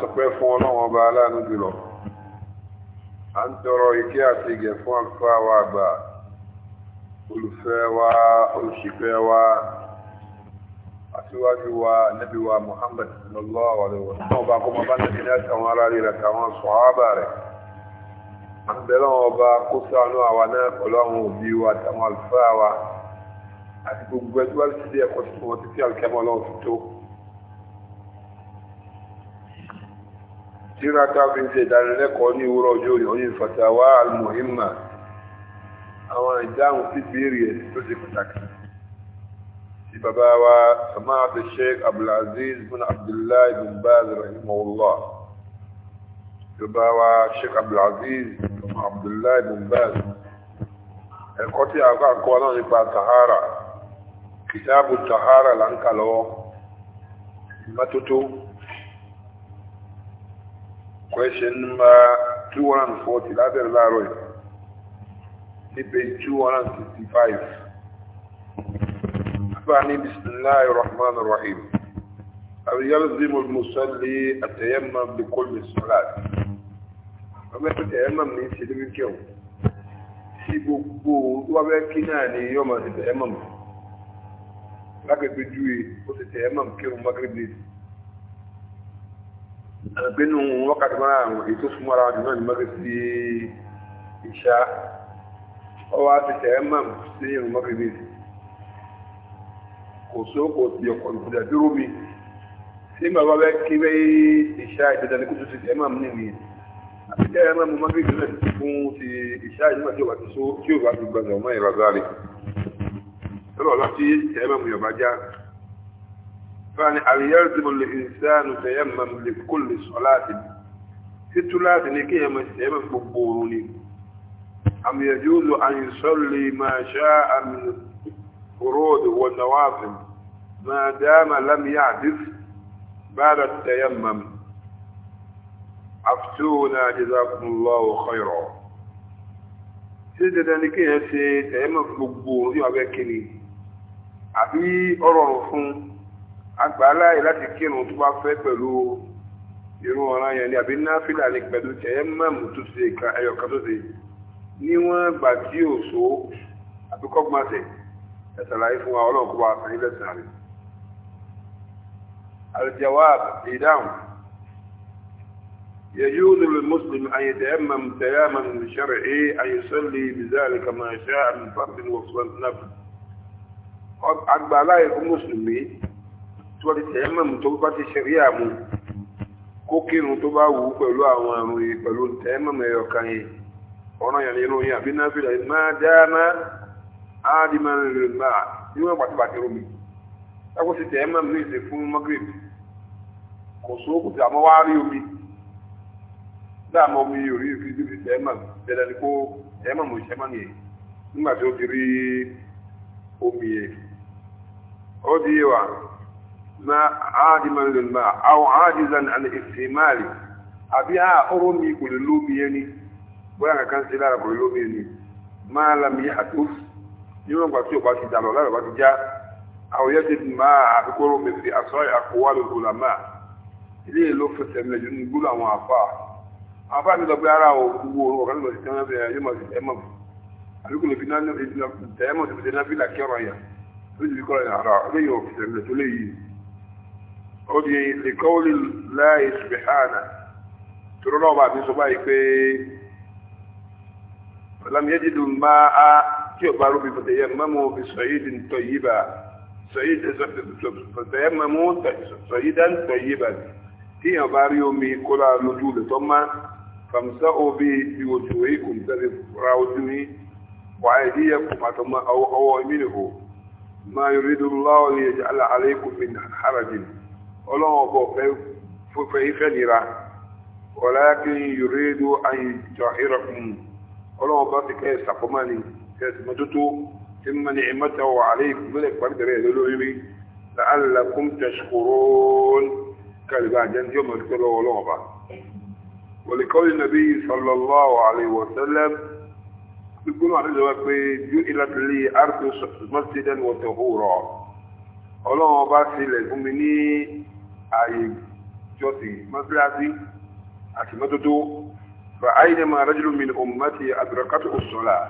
sọpẹ́ fún ọlọ́wọ́n ọba aláàánú jùlọ a ń tọrọ ike àti ìgẹ̀ fún àlùfáà wa àgbà olùfẹ́ wa olùṣìpẹ̀ wa aṣíwájú wa nẹ́bí wa Muhammad sallallahu alaihi wa sallam ọba kọmọ bá nàbí ní àtàwọn aráàlú rẹ̀ àtàwọn sọ̀hábà rẹ̀ a tíra káfíń ṣe ìdánilẹ́kọ̀ọ́ ní ìwúrọ̀ ọjọ́ ìyọ̀yìn fatawa almuhimma àwọn ìdáhùn sí bèèrè ẹ̀sìn tó ṣe pàtàkì sí bàbá wa samaatu sheikh abdulaziz bin abdullahi bin baz rahimahullah bàbá wa sheikh abdulaziz bin abdullahi bin baz ẹ̀kọ́ tí a bá kọ́ náà nípa tahara kìtàbù tahara là ń kà lọ́wọ́ ìmọ́tótó question number two hundred and forty lábẹ́rẹ́ láàárọ̀ yìí ní page two hundred and sixty five أفعني بسم الله الرحمن الرحيم أو يلزم المصلي التيمم بكل الصلاة ọmọ ẹgbẹ́ tẹ̀yẹ́mọ̀m ní ṣe lórí kí ọ̀hún sí gbogbo wábẹ́ kí náà ni yọ́ máa ṣe tẹ̀yẹ́mọ̀m lágbègbè júwe ó ṣe tẹ̀yẹ́mọ̀m kí ọ̀hún mágírẹ́bì gbẹ́nu wákàtí mara àwọn ètò fún mara àdúrà ní mọ́gbẹ̀ sí ìṣá ọwá ti tẹ̀ẹ́ mọ̀ sí ìrùn mọ́gbẹ̀ mi kò só kò sí ọkọ̀ ìkọjà dúró mi sí bàbá bẹ́ kí bẹ́ ìṣá ìjọba ní kò tó ti tẹ̀ẹ́ mọ̀ fani àríyànjú lè ìsánu tẹ̀yẹ̀mà lè kó lè sọ láti títú láti ní kí ẹ̀mà tẹ̀yẹ̀mà gbogbo oorun ni àmìyànjú lò àyìnsọ́ lè máa ṣá àmì òróòdù wọn nàwáfin máa dáàmà lámìyà àdìs bára tẹ̀yẹ̀mà àfitúnà jazakumullahu khayra sí dandan ní kí ẹ̀ ṣe tẹ̀yẹ̀mà gbogbo oorun yóò agbára yìí láti kírun tó bá fẹ́ pẹ̀lú irun ọ̀ràn yẹn ni àbí náfìlà ni pẹ̀lú tẹ̀yẹ́ mọ́mù tó ṣe ẹ̀yọ̀kan tó ṣe níwọ̀n gbà tí ò so àbí kọ́gbọ́nsẹ̀ ẹ̀sàlàyé fún wa ọlọ́run kó wa sàn ilẹ̀ sàn rẹ̀. aljawab ìdáhùn يجوز للمسلم أن يتيمم تياما شرعي أن يصلي بذلك ما شاء من فرض وصفة نفل. أقبل عليه المسلمين tó bá ti tẹ̀yẹ́ mọ̀mù tó bá ti ṣẹ̀rí àmú kó kírun tó bá wù ú pẹ̀lú àwọn àrùn yìí pẹ̀lú tẹ̀yẹ́ mọ̀mù ẹ̀yọ̀ kan yìí ọ̀nà yẹn nínú yẹn àbí náà fìlà má dáná áàdì máa ń rìn máa ní wọ́n pàtó bàtí romi tákó ti tẹ̀yẹ́ mọ̀mù ní ìsìn fún magrib kò sówó kò sí àmọ́ wá rí omi dáàmú omi orí ìfi ti tẹ̀yẹ́ mọ̀mù ni kó tẹ̀yẹ́ mọ̀mù ما عادما للماء أو عاجزا عن استعماله أبيها أرمي كل لوبيني وأنا كان سلالة كل لوبيني ما لم يحدث يوم قصير قصير جعل الله وقجا أو يجد ما أذكر من في أسرع أقوال العلماء ilé ló fẹsẹ̀ mi lẹ́jọ́ ní gbólọ̀ àwọn àfa àfa mi lọ pé ara ò gbogbo orun ọ̀kan lọ sí tẹ́wọ́n bẹ̀rẹ̀ yóò máa fi tẹ́mọ̀ bù àbíkò lè fi náà tẹ́mọ̀ tó fi tẹ́mọ̀ fi tẹ́mọ̀ fi là kí ọ̀rọ̀ yà lójú bí kọ́ ọ̀rọ̀ yà ara ọ̀rẹ́ yóò fẹsẹ̀ mi lẹ́jọ́ léyìí قضي لقول الله سبحانه ترون بعد صباحي فلم يجدوا الماء كبروا فتيمموا بصعيد طيبا صعيد فتيمموا صعيدا طيبا هي باريومي كلا نجول ثم فامسحوا بوجوهكم تذب راوجوه وأيديكم ثم أو أو منه ما يريد الله ليجعل عليكم من حرج ọlọ́run ọ̀bọ̀ fẹ́ ìfẹ́ nira walakin yuridu an yutahhirakum ọlọ́run bá ti kẹ́ ìsàkọ́mọ́ ni kẹ́sì mọ́tótó tí mọ́ ni ìmọ́ta wà alaykum mílẹ̀ pàdébẹ̀rẹ̀ lórí la'allakum tashkurun kàlùbà jẹ́ tí ó mọ̀ ọlọ́run ọba ولقول النبي صلى الله عليه وسلم يقول عن الوقت جئلت لي أرض مسجدا وطهورا الله باسل المؤمنين ààyè jọ́sìn mọ́síláṣí a mọ́tótó fa ma rajulun min ummati adrakatu as-salah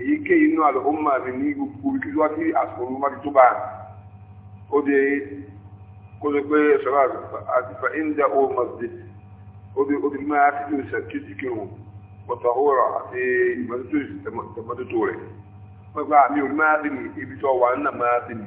èyíkéyìí inú àlùmọ́ mi ní gbogbo ìlú àti àsìkò mọ́ tó bá o de kó lè pé sọ́lá àti fa inda o masjid de ó de máa ti ní sẹ́kìtì kírun wọ́tọ̀ hóra àti ma ibi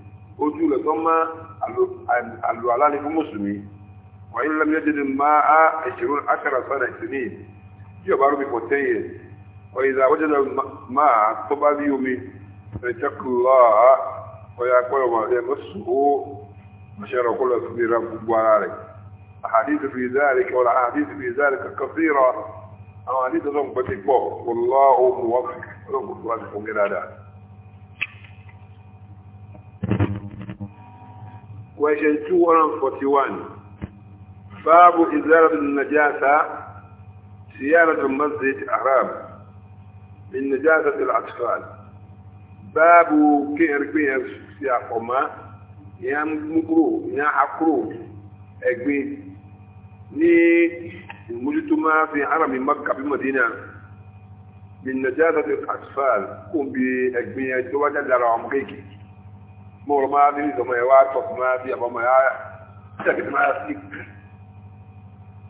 ojú rẹ̀ tó má àlùwàlá ní fún mùsùlùmí wàyí lọ́mí lẹ́jẹ̀dẹ̀ máa á ẹ̀ṣẹ̀rún aṣára sọ́nà ìsinmi tí ọba rúbi for ten years wàyí ìdá wọ́jọ́dọ̀ máa tó bá rí omi ẹ̀jẹ̀kùlọ́ ọ̀yà pẹ́lú ọmọ rẹ̀ mọ́sùwó مشارع كلها كبيرة بوارارك أحاديث في ذلك ولا أحاديث في ذلك كثيرة أحاديث ذنب بتكبه والله موفق رب الوالد وقرادات question 241 باب إزالة النجاسة سيارة المسجد الحرام من نجاسة الأطفال باب كير كير يا قوما يا مكرو يا حكرو اكبي ني مجتمع في حرم مكة في المدينة من نجاسة الأطفال قم بأكبر جواجة دار عمقيكي mọ̀rọ̀ máa bí ní ìdọ̀mọ̀ ẹ̀wà tọ̀tù máa bí àbọ̀mọ̀ ẹ̀yà ìṣàkìtì máa sí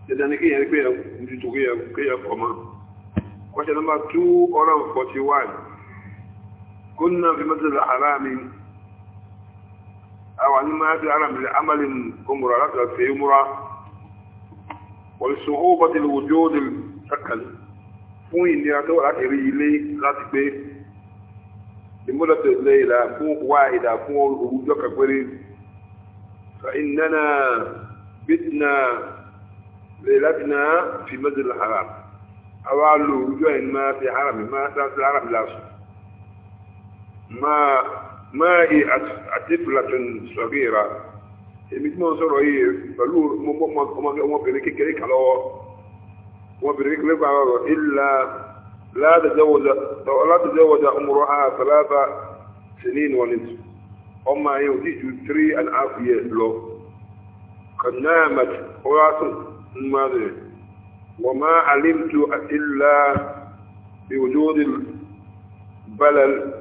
dandan ní kéèyàn pé ẹ̀kùn tuntun kéèyàn pọ̀ mọ́ question number two hundred and forty one kúnnà fi mọ́tòlá aráàmì àwọn ní máa fi aráàmì lè amálì ọmọrọ̀ láti ọ̀fẹ́ múra wọ̀lùsùn ó bọ́tìlì wòjó ó dìlù sákàlì fún ìnira tó wà láti rí ilé láti gbé لمدة الليلة كون واحدة كون وجوك قريب فإننا بتنا ليلتنا في مسجد الحرام أول وجوه ما في حرم ما في الحرم لا ما ما أطفلة صغيرة يمكن صورة هي فلو ما ما ما ما بيركي كلي كلو ما بيركي كلي إلا لا تزوج لا تزوج امرأة ثلاث سنين ونصف أما هي وتيجي تري أن عافية له قد نامت وعاصم ماذا وما علمت إلا بوجود البلل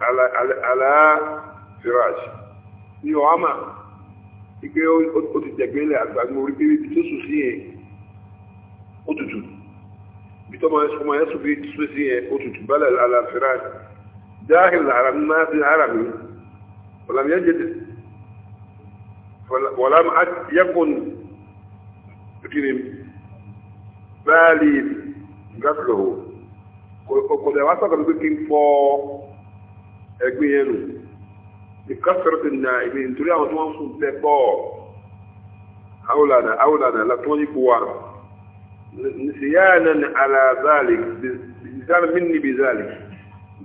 على على على فراش يوما يجي أو تتجمل على بعض مريبي تسوسيه وتجود ọmọ yẹn sùn bí sùn sí yẹn òtútù bala ala al-firash dáhìl àràm náà sí àràm yìí wàlám yẹn jẹ wàlám yẹkùn kìnnì báàlì gàfìlò kòkòdà wàá sọ̀rọ̀ pé kí n fọ ẹgbẹ́ nítorí àwọn tí wọ́n sùn tẹ́ pọ̀ àwòlànà àwòlànà látọ́ yìí kó نسيانا على ذلك بزال مني بذلك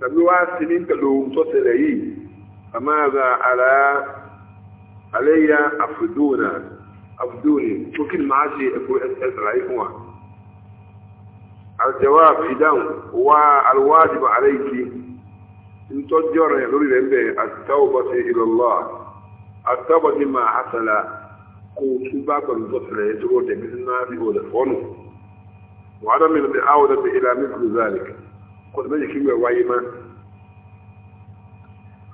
تبي واسنين كلهم تصلي فماذا على علي أفدونا أفدوني وكل معاشي أكو أسأل عليكم الجواب في دون والواجب عليك إن تجر يقول به التوبة إلى الله التوبة ما حصل قوت باكر تصلي تقول تبي النار يقول فنو وعدم المعاودة إلى مثل ذلك قل مجي كيما وايما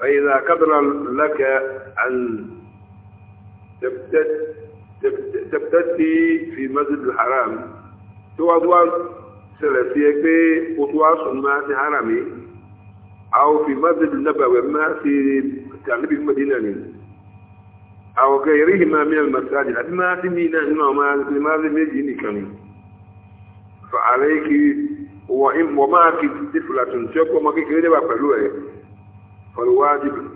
فإذا قدر لك أن تبتد تبتدي في مسجد الحرام توضوان سلسيك وتواصل ما في حرامي أو في مسجد النبوي ما في تعليم المدينة أو غيرهما من المساجد ما في مينا إنه ما في مينا كمان فعليك وإن ومعك طفلة تشكو ما كيكي لبا فلوه فالواجب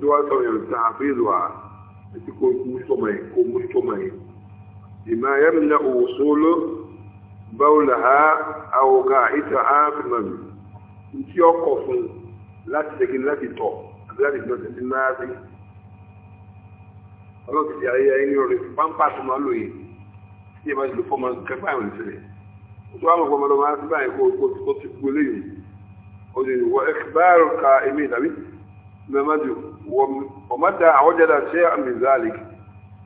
دوا سوين تعفيذها تكون مجتمعي كون مجتمعي لما يمنع وصول بولها أو قاعدتها في المبنى انت يوقف لا تسكن لا تطوف láti gbọ́ tẹ̀sí máa rí ọlọ́ọ̀tì ayé ayé ní orí pampas máa lò yìí tí ẹ bá ti lò fọ́ máa kẹfà ìwé sílẹ̀ tó àwọn ọmọ ọmọ máa ń báyìí kó kó ti kú léyìn ó lè wọ ẹgbẹ́rún ka èmi ìdàbí mẹ́mẹ́dì wọ́n ọ̀mọ́dà àwọ́jẹ́dà ṣé àmì zalik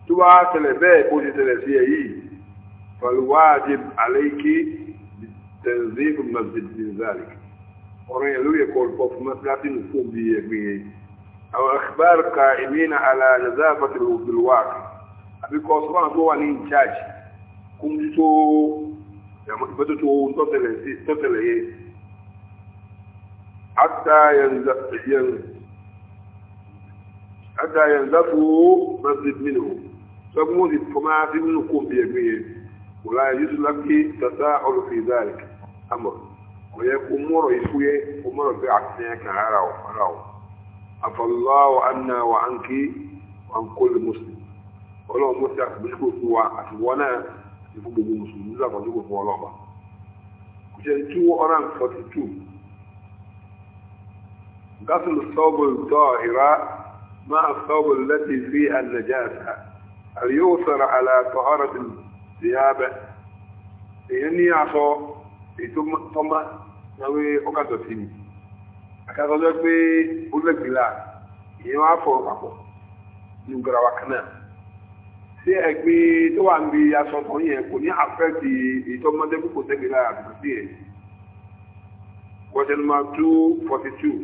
tó bá tẹ̀lẹ̀ bẹ́ẹ̀ kó ti tẹ̀lẹ̀ sí ẹ̀ yìí fàlùwáàdì àlẹ́kí تنظيف المسجد من ذلك ورن يلوي يقول قف مسلاتين فوق بيه أو أخبار قائمين على جذابة الواقع أبي قصبان هو إن شاج ìmọ́tótó ohun tọ́tẹ̀lẹ̀ yẹ ata yanzafu masjid minhu sọgbọn ti fọmá bí nínú kó bí ẹgbẹ yẹ wò láyé yusuf lápé tata ọlọfin zaari amọ kò yẹ kó mọrọ ìfúyẹ kó mọrọ bí àtìyàn kan ara ìfún gbogbo mùsùlùmí nígbà kan tó kò kò ṣe two hundred and forty two غسل الثوب الطاهرة مع الثوب التي فيها النجاسة هل يؤثر على طهارة الثياب èyàn ní aṣọ ètò tọ́mà náwé ọkàtọ̀ sí mi àkàtọ̀ jẹ́ pé ó lẹ́gbìlá èyàn wá fọ̀rọ̀ papọ̀ ní garawa kanáà ṣé ẹgbẹ́ tó wà ń bi aṣọ tó yẹn kò ní àfẹ́tì ìtọ́mọdé kókò tẹ́gbẹ́ lára àgbà sí ẹ̀. question number two forty two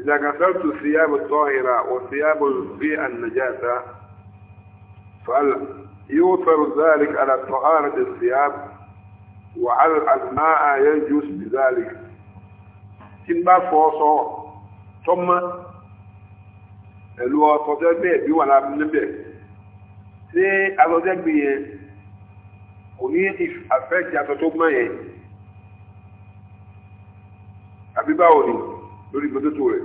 إذا غسلت ثياب طاهرة وثياب في النجاسة فهل يؤثر ذلك على طهارة الثياب وهل الماء يجوز بذلك tí n bá fọ ọsọ tọ́mọ́ ẹ̀lú ọsọ tẹ́gbẹ́ ẹ̀bí wà lábẹ́ ṣé asọ́jẹ́gbìn yẹn kò ní àfẹ́ẹ̀tì aṣọ tó gbọ́n yẹn àbí báwo ni lórí ìmọ́tótó rẹ̀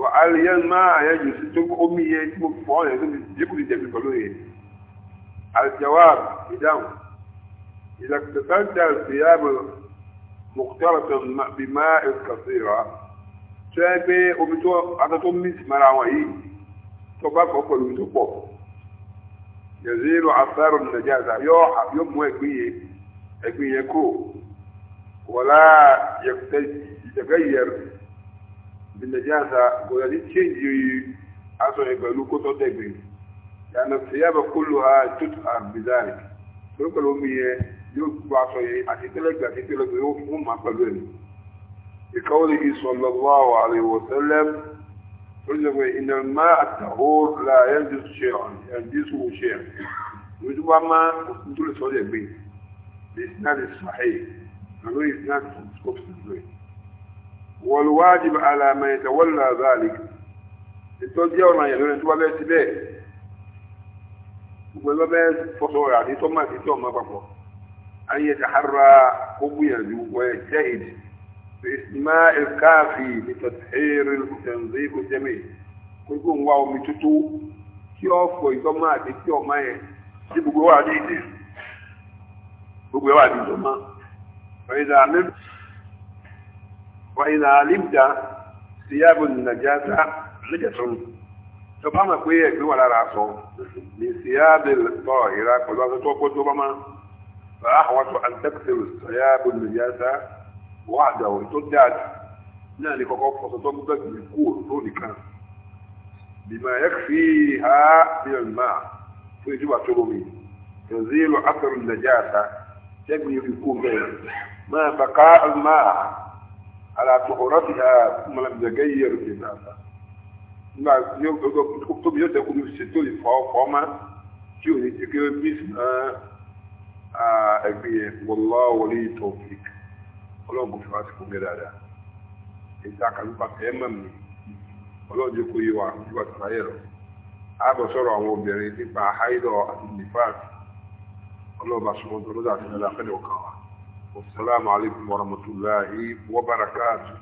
wà á lè yẹn máa àyẹ̀jù sí tó omi yẹn tí mo fọ́ yẹn tó ti kù ti jẹ̀bi pẹ̀lú yẹn الجواب بدم إذا اغتسلت الثياب مختلطا بماء كثيرا شايفه وبتو عطتهم مثل مراوحين tó bá fọ pẹ̀lú tó pọ̀ yẹ̀zírò afẹ́rù nàìjíríà yóò mú ẹ̀gbìn yẹn ẹ̀gbìn yẹn kó wọ́lá yẹ̀kẹ́ yẹ̀rù nàìjíríà kò yẹ ní chéǹjì aṣọ yẹn pẹ̀lú kótó dẹ̀gbìn yàtọ̀ síyàbẹ̀ kúlù ha tútù àbìdáì tó pẹ̀lú omi yẹn yóò gbọ́ aṣọ yẹn àti tẹ́lẹ̀gbẹ̀ àti tẹ́lẹ̀gbẹ̀ yóò fún màá pẹ̀lú ẹ̀ ìkọ́wé قلت إن الماء الطهور لا ينجس شيئا ينجسه شيئا وجوا ما قلت له به الإسناد الصحيح قالوا إسناد سقط والواجب على من يتولى ذلك ìtọ́jú ọ̀nà ما lórí tó bá bẹ́ẹ̀ síbẹ̀ gbogbo ẹgbẹ́ bẹ́ẹ̀ fọ́sọ̀ rẹ̀ àti tọ́mọ̀ àti tọ́mọ̀ papọ̀ ayé tàhárà ó باسماء الكافي لتطهير التنظيف الجميل gbogbo ń wá omi tútù kí ọ fọ ìdọ́mọ àti kí ọmọ yẹn tí gbogbo wà ní ìdí gbogbo wà ní ìdọ́mọ. wàyìnà àlìmdà síyáàbò nàjàdá lẹ́jẹ̀tún tó bá mọ̀ pé ẹ̀gbẹ́ wà lára sọ ní síyáàbò tọ̀ ìra pẹ̀lú aṣọ tó kó tó bá mọ̀ bá àwọn tó àtẹ́kùtẹ̀ síyáàbò nàjàdá wọ́n àdàwọ̀ tó dáadì náà ní kọ́kọ́ fọ́sọ tó gbúgbà gbé kú òtó nìkan bìmọ̀ ẹ̀ fi ha bí ẹ̀ máa fún ìjọba tó lómi ìrìnzílò àtẹrù nàìjíríà tẹ́gbìn yóò fi kú bẹ́ẹ̀ máa bàká máa alàtọ̀kọ̀rọ̀ ti ha mọ̀lẹ́bìdàgẹ́ yìí ẹ̀rù ti dáadáa nígbà tóbi yóò tẹ́kù ní ṣètò ìfọ̀ọ́fọ́má tí ò ní ti kéré bí ẹgbẹ́ wọlọ́wọlé tọ́fíkì ọlọ́ọ̀gùn fún àti fún gẹ́dàdà èyí àkàlùpà tẹ́ mọ̀ mi ọlọ́ọ̀dẹ kò yé wa nígbà tó láyé rọ ààbọ̀ sọ̀rọ̀ àwọn obìnrin nípa haidọ̀ àti nifas ọlọ́ọ̀bà sọmọdọ̀ lọ́dọ̀ àti nàlàfẹ́ ọ̀kan wa wasalaamu alaykum wa rahmatulahi wa barakatuh.